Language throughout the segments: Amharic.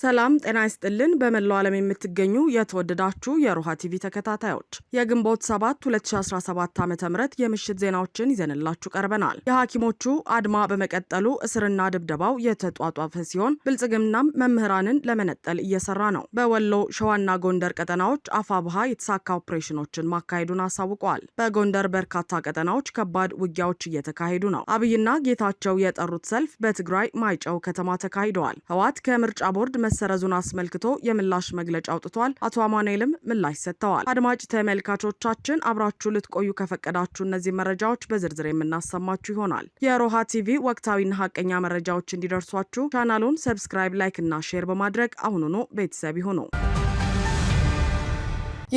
ሰላም ጤና ይስጥልን። በመላው ዓለም የምትገኙ የተወደዳችሁ የሮሃ ቲቪ ተከታታዮች የግንቦት 7 2017 ዓ ም የምሽት ዜናዎችን ይዘንላችሁ ቀርበናል። የሐኪሞቹ አድማ በመቀጠሉ እስርና ድብደባው የተጧጧፈ ሲሆን ብልጽግናም መምህራንን ለመነጠል እየሰራ ነው። በወሎ ሸዋና ጎንደር ቀጠናዎች አፋብሃ የተሳካ ኦፕሬሽኖችን ማካሄዱን አሳውቋል። በጎንደር በርካታ ቀጠናዎች ከባድ ውጊያዎች እየተካሄዱ ነው። አብይና ጌታቸው የጠሩት ሰልፍ በትግራይ ማይጨው ከተማ ተካሂደዋል። ህወሓት ከምርጫ ቦርድ መሰረዙን አስመልክቶ የምላሽ መግለጫ አውጥቷል። አቶ አማኑኤልም ምላሽ ሰጥተዋል። አድማጭ ተመልካቾቻችን አብራችሁ ልትቆዩ ከፈቀዳችሁ እነዚህ መረጃዎች በዝርዝር የምናሰማችሁ ይሆናል። የሮሃ ቲቪ ወቅታዊና ሀቀኛ መረጃዎች እንዲደርሷችሁ ቻናሉን ሰብስክራይብ፣ ላይክ እና ሼር በማድረግ አሁኑኑ ቤተሰብ ይሁኑ።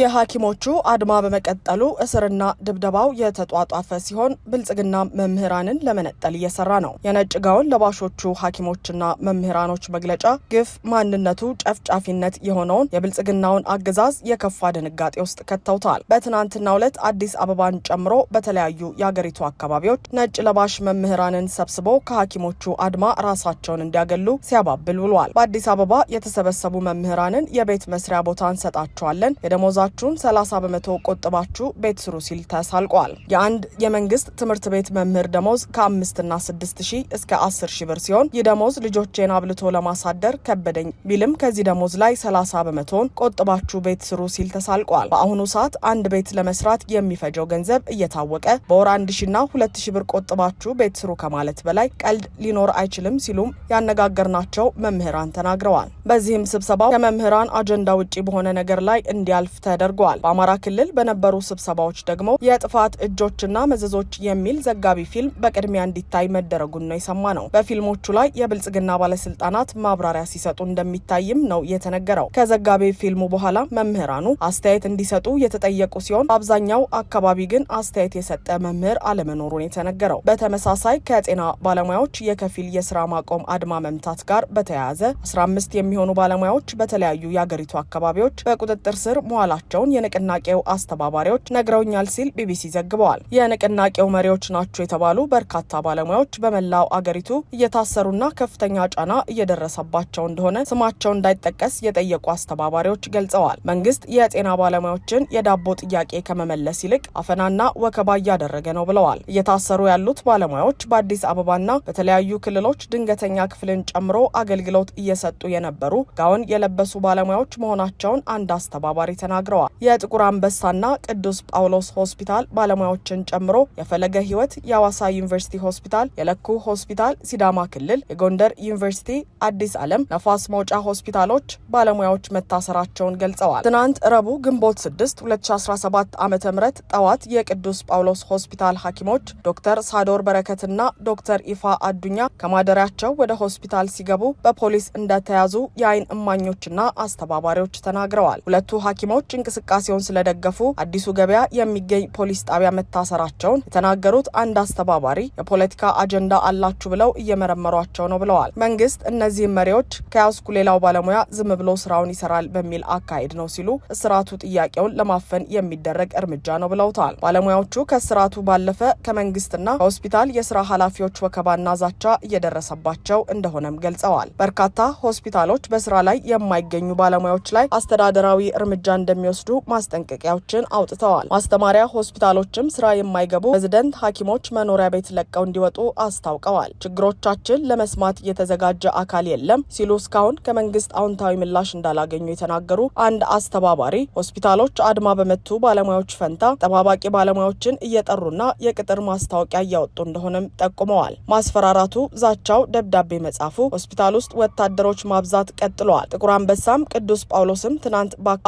የሐኪሞቹ አድማ በመቀጠሉ እስርና ድብደባው የተጧጧፈ ሲሆን ብልጽግና መምህራንን ለመነጠል እየሰራ ነው። የነጭ ጋውን ለባሾቹ ሐኪሞችና መምህራኖች መግለጫ ግፍ ማንነቱ ጨፍጫፊነት የሆነውን የብልጽግናውን አገዛዝ የከፋ ድንጋጤ ውስጥ ከተውታል። በትናንትናው ዕለት አዲስ አበባን ጨምሮ በተለያዩ የአገሪቱ አካባቢዎች ነጭ ለባሽ መምህራንን ሰብስቦ ከሐኪሞቹ አድማ ራሳቸውን እንዲያገሉ ሲያባብል ውሏል። በአዲስ አበባ የተሰበሰቡ መምህራንን የቤት መስሪያ ቦታ እንሰጣቸዋለን የደሞዛ ከገቢያችሁም 30 በመቶ ቆጥባችሁ ቤት ስሩ ሲል ተሳልቋል። የአንድ የመንግስት ትምህርት ቤት መምህር ደሞዝ ከአምስትና ስድስት ሺህ እስከ አስር ሺህ ብር ሲሆን ይህ ደሞዝ ልጆቼን አብልቶ ለማሳደር ከበደኝ ቢልም ከዚህ ደሞዝ ላይ 30 በመቶን ቆጥባችሁ ቤት ስሩ ሲል ተሳልቋል። በአሁኑ ሰዓት አንድ ቤት ለመስራት የሚፈጀው ገንዘብ እየታወቀ በወር አንድ ሺና ሁለት ሺህ ብር ቆጥባችሁ ቤት ስሩ ከማለት በላይ ቀልድ ሊኖር አይችልም ሲሉም ያነጋገርናቸው መምህራን ተናግረዋል። በዚህም ስብሰባው ከመምህራን አጀንዳ ውጪ በሆነ ነገር ላይ እንዲያልፍ ተደርጓል። በአማራ ክልል በነበሩ ስብሰባዎች ደግሞ የጥፋት እጆችና መዘዞች የሚል ዘጋቢ ፊልም በቅድሚያ እንዲታይ መደረጉን ነው የሰማ ነው። በፊልሞቹ ላይ የብልጽግና ባለስልጣናት ማብራሪያ ሲሰጡ እንደሚታይም ነው የተነገረው። ከዘጋቢ ፊልሙ በኋላ መምህራኑ አስተያየት እንዲሰጡ የተጠየቁ ሲሆን አብዛኛው አካባቢ ግን አስተያየት የሰጠ መምህር አለመኖሩን የተነገረው። በተመሳሳይ ከጤና ባለሙያዎች የከፊል የስራ ማቆም አድማ መምታት ጋር በተያያዘ 15 የሚሆኑ ባለሙያዎች በተለያዩ የአገሪቱ አካባቢዎች በቁጥጥር ስር መዋላ መሆናቸውን የንቅናቄው አስተባባሪዎች ነግረውኛል ሲል ቢቢሲ ዘግበዋል። የንቅናቄው መሪዎች ናቸው የተባሉ በርካታ ባለሙያዎች በመላው አገሪቱ እየታሰሩና ከፍተኛ ጫና እየደረሰባቸው እንደሆነ ስማቸው እንዳይጠቀስ የጠየቁ አስተባባሪዎች ገልጸዋል። መንግስት የጤና ባለሙያዎችን የዳቦ ጥያቄ ከመመለስ ይልቅ አፈናና ወከባ እያደረገ ነው ብለዋል። እየታሰሩ ያሉት ባለሙያዎች በአዲስ አበባና በተለያዩ ክልሎች ድንገተኛ ክፍልን ጨምሮ አገልግሎት እየሰጡ የነበሩ ጋውን የለበሱ ባለሙያዎች መሆናቸውን አንድ አስተባባሪ ተናግረዋል። ተናግረዋል። የጥቁር አንበሳና ቅዱስ ጳውሎስ ሆስፒታል ባለሙያዎችን ጨምሮ የፈለገ ሕይወት የአዋሳ ዩኒቨርሲቲ ሆስፒታል፣ የለኩ ሆስፒታል ሲዳማ ክልል፣ የጎንደር ዩኒቨርሲቲ አዲስ ዓለም ነፋስ መውጫ ሆስፒታሎች ባለሙያዎች መታሰራቸውን ገልጸዋል። ትናንት ረቡ ግንቦት 6 2017 ዓ ም ጠዋት የቅዱስ ጳውሎስ ሆስፒታል ሐኪሞች ዶክተር ሳዶር በረከትና ዶክተር ኢፋ አዱኛ ከማደሪያቸው ወደ ሆስፒታል ሲገቡ በፖሊስ እንደተያዙ የአይን እማኞችና አስተባባሪዎች ተናግረዋል። ሁለቱ ሐኪሞች እንቅስቃሴውን ስለደገፉ አዲሱ ገበያ የሚገኝ ፖሊስ ጣቢያ መታሰራቸውን የተናገሩት አንድ አስተባባሪ የፖለቲካ አጀንዳ አላችሁ ብለው እየመረመሯቸው ነው ብለዋል። መንግስት እነዚህን መሪዎች ከያዝኩ ሌላው ባለሙያ ዝም ብሎ ስራውን ይሰራል በሚል አካሄድ ነው ሲሉ እስራቱ ጥያቄውን ለማፈን የሚደረግ እርምጃ ነው ብለውታል። ባለሙያዎቹ ከስርዓቱ ባለፈ ከመንግስትና ከሆስፒታል የስራ ኃላፊዎች ወከባና ዛቻ እየደረሰባቸው እንደሆነም ገልጸዋል። በርካታ ሆስፒታሎች በስራ ላይ የማይገኙ ባለሙያዎች ላይ አስተዳደራዊ እርምጃ እንደሚ የሚወስዱ ማስጠንቀቂያዎችን አውጥተዋል። ማስተማሪያ ሆስፒታሎችም ስራ የማይገቡ ሬዚደንት ሐኪሞች መኖሪያ ቤት ለቀው እንዲወጡ አስታውቀዋል። ችግሮቻችን ለመስማት የተዘጋጀ አካል የለም ሲሉ እስካሁን ከመንግስት አዎንታዊ ምላሽ እንዳላገኙ የተናገሩ አንድ አስተባባሪ ሆስፒታሎች አድማ በመቱ ባለሙያዎች ፈንታ ጠባባቂ ባለሙያዎችን እየጠሩና የቅጥር ማስታወቂያ እያወጡ እንደሆነም ጠቁመዋል። ማስፈራራቱ፣ ዛቻው፣ ደብዳቤ መጻፉ፣ ሆስፒታል ውስጥ ወታደሮች ማብዛት ቀጥለዋል። ጥቁር አንበሳም ቅዱስ ጳውሎስም ትናንት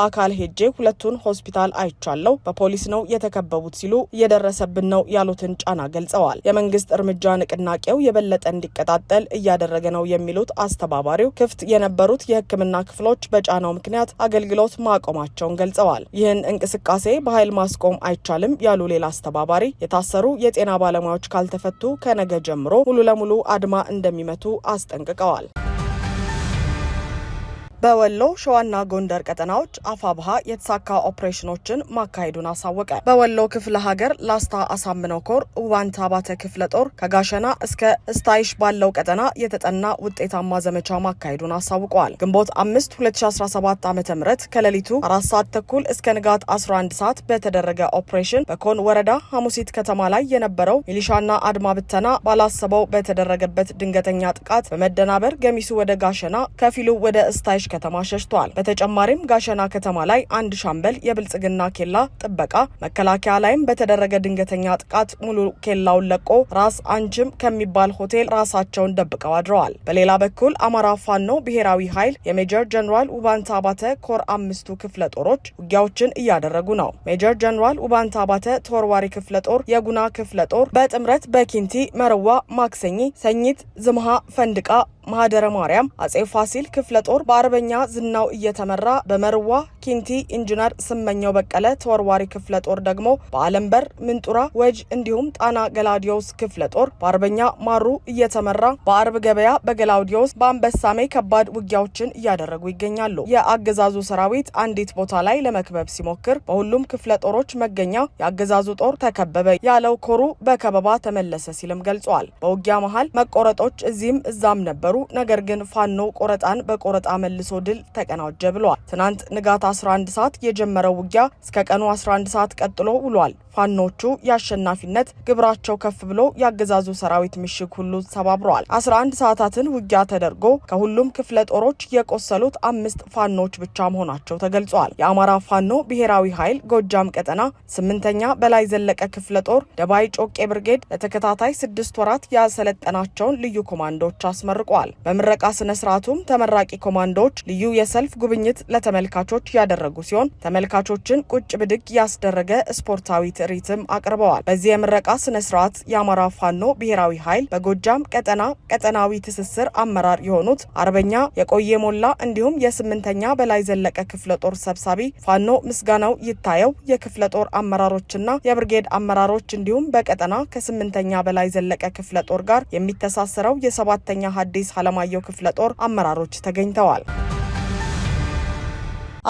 በአካል ሄጄ ሁለቱን ሆስፒታል አይቻለው፣ በፖሊስ ነው የተከበቡት ሲሉ እየደረሰብን ነው ያሉትን ጫና ገልጸዋል። የመንግስት እርምጃ ንቅናቄው የበለጠ እንዲቀጣጠል እያደረገ ነው የሚሉት አስተባባሪው ክፍት የነበሩት የሕክምና ክፍሎች በጫናው ምክንያት አገልግሎት ማቆማቸውን ገልጸዋል። ይህን እንቅስቃሴ በኃይል ማስቆም አይቻልም ያሉ ሌላ አስተባባሪ የታሰሩ የጤና ባለሙያዎች ካልተፈቱ ከነገ ጀምሮ ሙሉ ለሙሉ አድማ እንደሚመቱ አስጠንቅቀዋል። በወሎ ሸዋና ጎንደር ቀጠናዎች አፋብሃ የተሳካ ኦፕሬሽኖችን ማካሄዱን አሳወቀ። በወሎ ክፍለ ሀገር ላስታ አሳምነው ኮር ውባንታ ባተ ክፍለ ጦር ከጋሸና እስከ እስታይሽ ባለው ቀጠና የተጠና ውጤታማ ዘመቻ ማካሄዱን አሳውቀዋል። ግንቦት አምስት 2017 ዓ ም ከሌሊቱ አራት ሰዓት ተኩል እስከ ንጋት 11 ሰዓት በተደረገ ኦፕሬሽን በኮን ወረዳ ሐሙሲት ከተማ ላይ የነበረው ሚሊሻና አድማ ብተና ባላሰበው በተደረገበት ድንገተኛ ጥቃት በመደናበር ገሚሱ ወደ ጋሸና ከፊሉ ወደ እስታይሽ ከተማ ሸሽተዋል። በተጨማሪም ጋሸና ከተማ ላይ አንድ ሻምበል የብልጽግና ኬላ ጥበቃ፣ መከላከያ ላይም በተደረገ ድንገተኛ ጥቃት ሙሉ ኬላውን ለቆ ራስ አንጅም ከሚባል ሆቴል ራሳቸውን ደብቀው አድረዋል። በሌላ በኩል አማራ ፋኖ ብሔራዊ ኃይል የሜጀር ጀኔራል ውባንታ አባተ ኮር አምስቱ ክፍለ ጦሮች ውጊያዎችን እያደረጉ ነው። ሜጀር ጀኔራል ውባንታ አባተ ተወርዋሪ ክፍለ ጦር፣ የጉና ክፍለ ጦር በጥምረት በኪንቲ መርዋ ማክሰኝ፣ ሰኝት፣ ዝምሃ፣ ፈንድቃ ማህደረ ማርያም አጼ ፋሲል ክፍለ ጦር በአርበኛ ዝናው እየተመራ በመርዋ ኪንቲ ኢንጂነር ስመኘው በቀለ ተወርዋሪ ክፍለ ጦር ደግሞ በአለምበር ምንጡራ ወጅ እንዲሁም ጣና ገላውዲዮስ ክፍለ ጦር በአርበኛ ማሩ እየተመራ በአርብ ገበያ በገላውዲዮስ በአንበሳሜ ከባድ ውጊያዎችን እያደረጉ ይገኛሉ። የአገዛዙ ሰራዊት አንዲት ቦታ ላይ ለመክበብ ሲሞክር በሁሉም ክፍለ ጦሮች መገኛ የአገዛዙ ጦር ተከበበ ያለው ኮሩ በከበባ ተመለሰ ሲልም ገልጿል። በውጊያ መሀል መቆረጦች እዚህም እዛም ነበሩ። ነገር ግን ፋኖ ቆረጣን በቆረጣ መልሶ ድል ተቀናጀ ብለዋል። ትናንት ንጋት 11 ሰዓት የጀመረው ውጊያ እስከ ቀኑ 11 ሰዓት ቀጥሎ ውሏል። ፋኖቹ የአሸናፊነት ግብራቸው ከፍ ብሎ የአገዛዙ ሰራዊት ምሽግ ሁሉ ተሰባብረዋል። 11 ሰዓታትን ውጊያ ተደርጎ ከሁሉም ክፍለ ጦሮች የቆሰሉት አምስት ፋኖች ብቻ መሆናቸው ተገልጿል። የአማራ ፋኖ ብሔራዊ ኃይል ጎጃም ቀጠና ስምንተኛ በላይ ዘለቀ ክፍለ ጦር ደባይ ጮቄ ብርጌድ ለተከታታይ ስድስት ወራት ያሰለጠናቸውን ልዩ ኮማንዶች አስመርቋል። ተገኝተዋል። በምረቃ ስነ ስርዓቱም ተመራቂ ኮማንዶዎች ልዩ የሰልፍ ጉብኝት ለተመልካቾች ያደረጉ ሲሆን ተመልካቾችን ቁጭ ብድግ ያስደረገ ስፖርታዊ ትርኢትም አቅርበዋል። በዚህ የምረቃ ስነ ስርዓት የአማራ ፋኖ ብሔራዊ ኃይል በጎጃም ቀጠና ቀጠናዊ ትስስር አመራር የሆኑት አርበኛ የቆየ ሞላ እንዲሁም የስምንተኛ በላይ ዘለቀ ክፍለ ጦር ሰብሳቢ ፋኖ ምስጋናው ይታየው የክፍለ ጦር አመራሮችና የብርጌድ አመራሮች እንዲሁም በቀጠና ከስምንተኛ በላይ ዘለቀ ክፍለ ጦር ጋር የሚተሳሰረው የሰባተኛ ሀዲስ አለማየሁ ክፍለ ጦር አመራሮች ተገኝተዋል።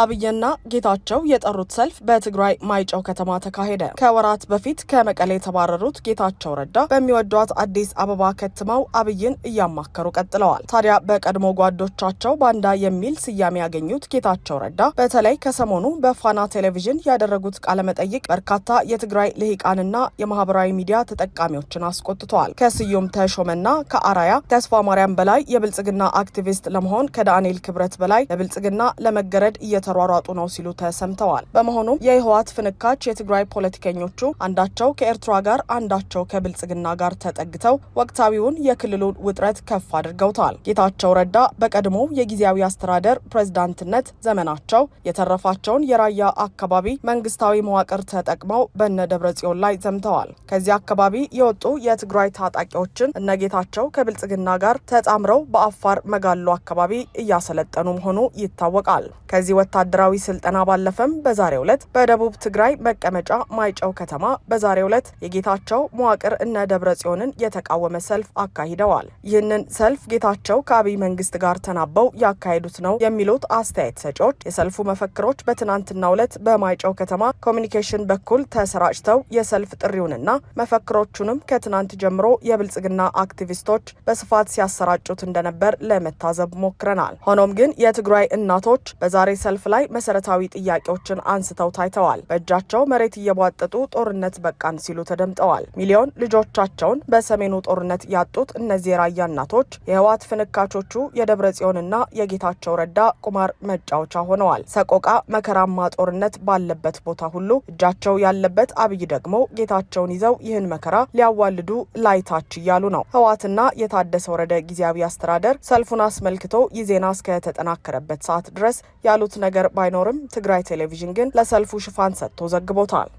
አብይና ጌታቸው የጠሩት ሰልፍ በትግራይ ማይጨው ከተማ ተካሄደ። ከወራት በፊት ከመቀሌ የተባረሩት ጌታቸው ረዳ በሚወዷት አዲስ አበባ ከትመው አብይን እያማከሩ ቀጥለዋል። ታዲያ በቀድሞ ጓዶቻቸው ባንዳ የሚል ስያሜ ያገኙት ጌታቸው ረዳ በተለይ ከሰሞኑ በፋና ቴሌቪዥን ያደረጉት ቃለመጠይቅ በርካታ የትግራይ ልሂቃንና የማህበራዊ ሚዲያ ተጠቃሚዎችን አስቆጥተዋል። ከስዩም ተሾመና ከአራያ ተስፋ ማርያም በላይ የብልጽግና አክቲቪስት ለመሆን ከዳንኤል ክብረት በላይ ለብልጽግና ለመገረድ እየ እየተሯሯጡ ነው ሲሉ ተሰምተዋል። በመሆኑም የህወሓት ፍንካች የትግራይ ፖለቲከኞቹ አንዳቸው ከኤርትራ ጋር አንዳቸው ከብልጽግና ጋር ተጠግተው ወቅታዊውን የክልሉን ውጥረት ከፍ አድርገውታል። ጌታቸው ረዳ በቀድሞ የጊዜያዊ አስተዳደር ፕሬዝዳንትነት ዘመናቸው የተረፋቸውን የራያ አካባቢ መንግስታዊ መዋቅር ተጠቅመው በነ ደብረ ጽዮን ላይ ዘምተዋል። ከዚህ አካባቢ የወጡ የትግራይ ታጣቂዎችን እነ ጌታቸው ከብልጽግና ጋር ተጣምረው በአፋር መጋሎ አካባቢ እያሰለጠኑ መሆኑ ይታወቃል። ከዚህ ወታደራዊ ስልጠና ባለፈም በዛሬው ዕለት በደቡብ ትግራይ መቀመጫ ማይጨው ከተማ በዛሬው ዕለት የጌታቸው መዋቅር እነ ደብረ ጽዮንን የተቃወመ ሰልፍ አካሂደዋል። ይህንን ሰልፍ ጌታቸው ከአብይ መንግስት ጋር ተናበው ያካሄዱት ነው የሚሉት አስተያየት ሰጪዎች የሰልፉ መፈክሮች በትናንትናው ዕለት በማይጨው ከተማ ኮሚኒኬሽን በኩል ተሰራጭተው የሰልፍ ጥሪውንና መፈክሮቹንም ከትናንት ጀምሮ የብልጽግና አክቲቪስቶች በስፋት ሲያሰራጩት እንደነበር ለመታዘብ ሞክረናል። ሆኖም ግን የትግራይ እናቶች በዛሬ ሰልፍ ሰልፍ ላይ መሰረታዊ ጥያቄዎችን አንስተው ታይተዋል። በእጃቸው መሬት እየቧጠጡ ጦርነት በቃን ሲሉ ተደምጠዋል። ሚሊዮን ልጆቻቸውን በሰሜኑ ጦርነት ያጡት እነዚህ የራያ እናቶች የህወሓት ፍንካቾቹ የደብረ ጽዮንና የጌታቸው ረዳ ቁማር መጫወቻ ሆነዋል። ሰቆቃ፣ መከራማ ጦርነት ባለበት ቦታ ሁሉ እጃቸው ያለበት አብይ ደግሞ ጌታቸውን ይዘው ይህን መከራ ሊያዋልዱ ላይታች እያሉ ነው። ህወሓትና የታደሰ ወረደ ጊዜያዊ አስተዳደር ሰልፉን አስመልክቶ ይህ ዜና እስከተጠናከረበት ሰዓት ድረስ ያሉት ነገር ባይኖርም ትግራይ ቴሌቪዥን ግን ለሰልፉ ሽፋን ሰጥቶ ዘግቦታል።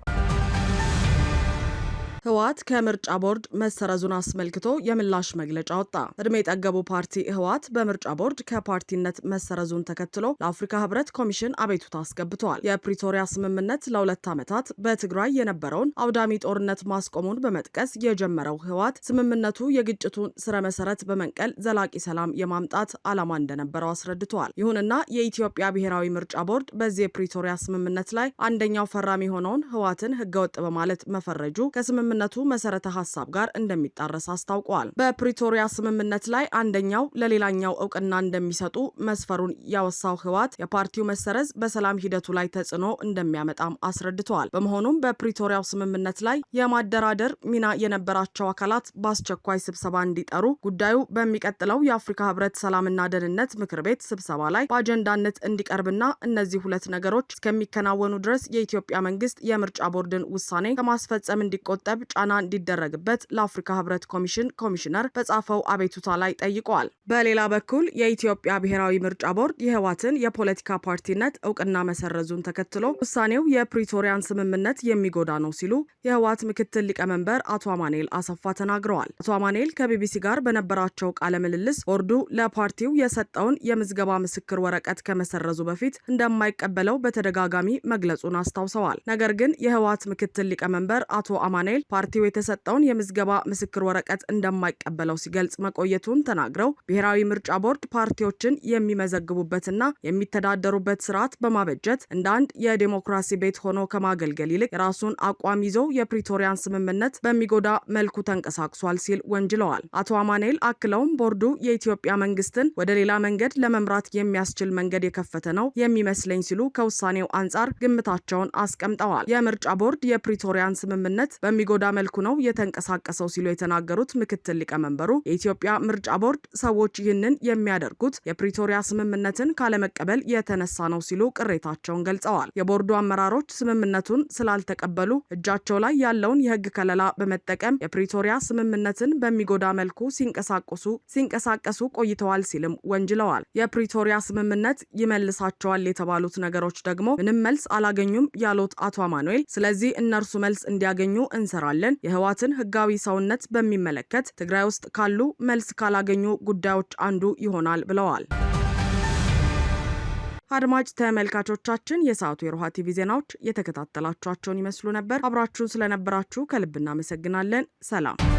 ህወሓት ከምርጫ ቦርድ መሰረዙን አስመልክቶ የምላሽ መግለጫ ወጣ። እድሜ የጠገቡ ፓርቲ ህወሓት በምርጫ ቦርድ ከፓርቲነት መሰረዙን ተከትሎ ለአፍሪካ ህብረት ኮሚሽን አቤቱታ አስገብተዋል። የፕሪቶሪያ ስምምነት ለሁለት ዓመታት በትግራይ የነበረውን አውዳሚ ጦርነት ማስቆሙን በመጥቀስ የጀመረው ህወሓት ስምምነቱ የግጭቱን ስረ መሰረት በመንቀል ዘላቂ ሰላም የማምጣት ዓላማ እንደነበረው አስረድተዋል። ይሁንና የኢትዮጵያ ብሔራዊ ምርጫ ቦርድ በዚህ የፕሪቶሪያ ስምምነት ላይ አንደኛው ፈራሚ የሆነውን ህወሓትን ህገወጥ በማለት መፈረጁ ከስምምነ ከስምምነቱ መሰረተ ሀሳብ ጋር እንደሚጣረስ አስታውቀዋል። በፕሪቶሪያ ስምምነት ላይ አንደኛው ለሌላኛው እውቅና እንደሚሰጡ መስፈሩን ያወሳው ህወሓት የፓርቲው መሰረዝ በሰላም ሂደቱ ላይ ተጽዕኖ እንደሚያመጣም አስረድተዋል። በመሆኑም በፕሪቶሪያው ስምምነት ላይ የማደራደር ሚና የነበራቸው አካላት በአስቸኳይ ስብሰባ እንዲጠሩ ጉዳዩ በሚቀጥለው የአፍሪካ ህብረት ሰላምና ደህንነት ምክር ቤት ስብሰባ ላይ በአጀንዳነት እንዲቀርብና እነዚህ ሁለት ነገሮች እስከሚከናወኑ ድረስ የኢትዮጵያ መንግስት የምርጫ ቦርድን ውሳኔ ከማስፈጸም እንዲቆጠብ ጫና እንዲደረግበት ለአፍሪካ ህብረት ኮሚሽን ኮሚሽነር በጻፈው አቤቱታ ላይ ጠይቋል። በሌላ በኩል የኢትዮጵያ ብሔራዊ ምርጫ ቦርድ የህዋትን የፖለቲካ ፓርቲነት እውቅና መሰረዙን ተከትሎ ውሳኔው የፕሪቶሪያን ስምምነት የሚጎዳ ነው ሲሉ የህዋት ምክትል ሊቀመንበር አቶ አማኔል አሰፋ ተናግረዋል። አቶ አማኔል ከቢቢሲ ጋር በነበራቸው ቃለ ምልልስ ቦርዱ ለፓርቲው የሰጠውን የምዝገባ ምስክር ወረቀት ከመሰረዙ በፊት እንደማይቀበለው በተደጋጋሚ መግለጹን አስታውሰዋል። ነገር ግን የህወሓት ምክትል ሊቀመንበር አቶ አማኔል ፓርቲው የተሰጠውን የምዝገባ ምስክር ወረቀት እንደማይቀበለው ሲገልጽ መቆየቱን ተናግረው ብሔራዊ ምርጫ ቦርድ ፓርቲዎችን የሚመዘግቡበትና የሚተዳደሩበት ስርዓት በማበጀት እንደ አንድ የዴሞክራሲ ቤት ሆኖ ከማገልገል ይልቅ የራሱን አቋም ይዞ የፕሪቶሪያን ስምምነት በሚጎዳ መልኩ ተንቀሳቅሷል ሲል ወንጅለዋል። አቶ አማኔል አክለውም ቦርዱ የኢትዮጵያ መንግስትን ወደ ሌላ መንገድ ለመምራት የሚያስችል መንገድ የከፈተ ነው የሚመስለኝ ሲሉ ከውሳኔው አንጻር ግምታቸውን አስቀምጠዋል። የምርጫ ቦርድ የፕሪቶሪያን ስምምነት በሚጎዳ በማይጎዳ መልኩ ነው የተንቀሳቀሰው ሲሉ የተናገሩት ምክትል ሊቀመንበሩ የኢትዮጵያ ምርጫ ቦርድ ሰዎች ይህንን የሚያደርጉት የፕሪቶሪያ ስምምነትን ካለመቀበል የተነሳ ነው ሲሉ ቅሬታቸውን ገልጸዋል። የቦርዱ አመራሮች ስምምነቱን ስላልተቀበሉ እጃቸው ላይ ያለውን የህግ ከለላ በመጠቀም የፕሪቶሪያ ስምምነትን በሚጎዳ መልኩ ሲንቀሳቀሱ ሲንቀሳቀሱ ቆይተዋል ሲልም ወንጅለዋል። የፕሪቶሪያ ስምምነት ይመልሳቸዋል የተባሉት ነገሮች ደግሞ ምንም መልስ አላገኙም ያሉት አቶ አማኑኤል ስለዚህ እነርሱ መልስ እንዲያገኙ እንሰራል እንሰራለን። የህወሓትን ህጋዊ ሰውነት በሚመለከት ትግራይ ውስጥ ካሉ መልስ ካላገኙ ጉዳዮች አንዱ ይሆናል ብለዋል። አድማጭ ተመልካቾቻችን የሰዓቱ የሮሃ ቲቪ ዜናዎች የተከታተላችኋቸውን ይመስሉ ነበር። አብራችሁን ስለነበራችሁ ከልብ እናመሰግናለን። ሰላም